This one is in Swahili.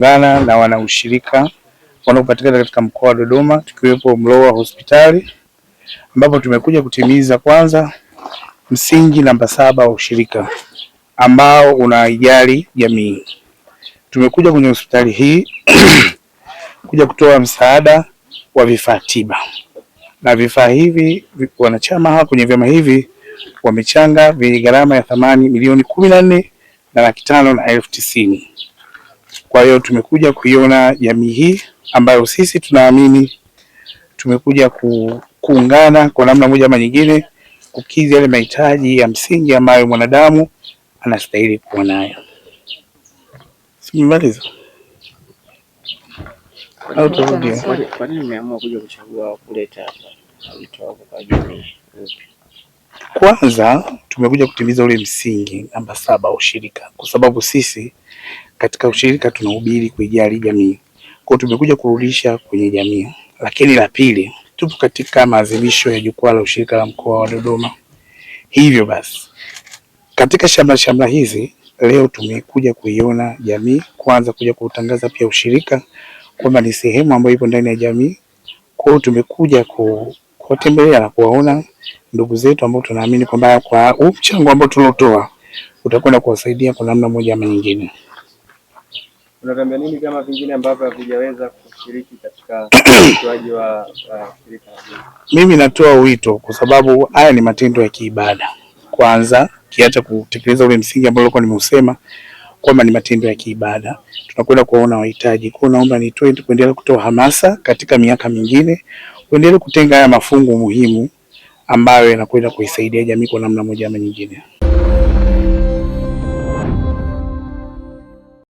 gana na wanaushirika wanaopatikana katika mkoa wa Dodoma, tukiwepo Mlowa Hospitali ambapo tumekuja kutimiza kwanza msingi namba saba wa ushirika ambao unaijali jamii. Tumekuja kwenye hospitali hii kuja kutoa msaada wa vifaa tiba, na vifaa hivi wanachama hawa kwenye vyama hivi wamechanga vyenye gharama ya thamani milioni kumi na nne na laki tano na elfu tisini. Kwa hiyo tumekuja kuiona jamii hii ambayo sisi tunaamini tumekuja ku, kuungana kwa namna moja ama nyingine kukidhi yale mahitaji ya msingi ambayo mwanadamu anastahili kuwa nayo. Simemaliza au Kwa nini umeamua kuja kuchagua kuleta wito wako kwa jamii? Kwanza tumekuja kutimiza ule msingi namba saba ushirika, kwa sababu sisi katika ushirika tunahubiri kuijali jamii, kwa tumekuja kurudisha kwenye jamii. Lakini la pili, tupo katika maadhimisho ya jukwaa la ushirika la mkoa wa Dodoma. Hivyo basi katika shamra shamra hizi leo tumekuja kuiona jamii kwanza, kuja kutangaza pia ushirika kwamba ni sehemu ambayo ipo ndani ya jamii. Kwa hiyo tumekuja kuwatembelea na kuwaona ndugu zetu ambao tunaamini kwamba kwa mchango ambao tunatoa utakwenda kuwasaidia kwa namna moja ama nyingine unatambia nini kama vingine ambavyo havijaweza kushiriki katika utoaji wa shirika? Mimi natoa wito, kwa sababu haya ni matendo ya kiibada kwanza, kiacha kutekeleza ule msingi ambao nilikuwa nimeusema kwamba ni matendo ya kiibada, tunakwenda kuwaona wahitaji. Kwa naomba nitoe kuendelea kutoa hamasa katika miaka mingine, kuendelea kutenga haya mafungu muhimu ambayo yanakwenda kuisaidia jamii kwa namna moja ama nyingine.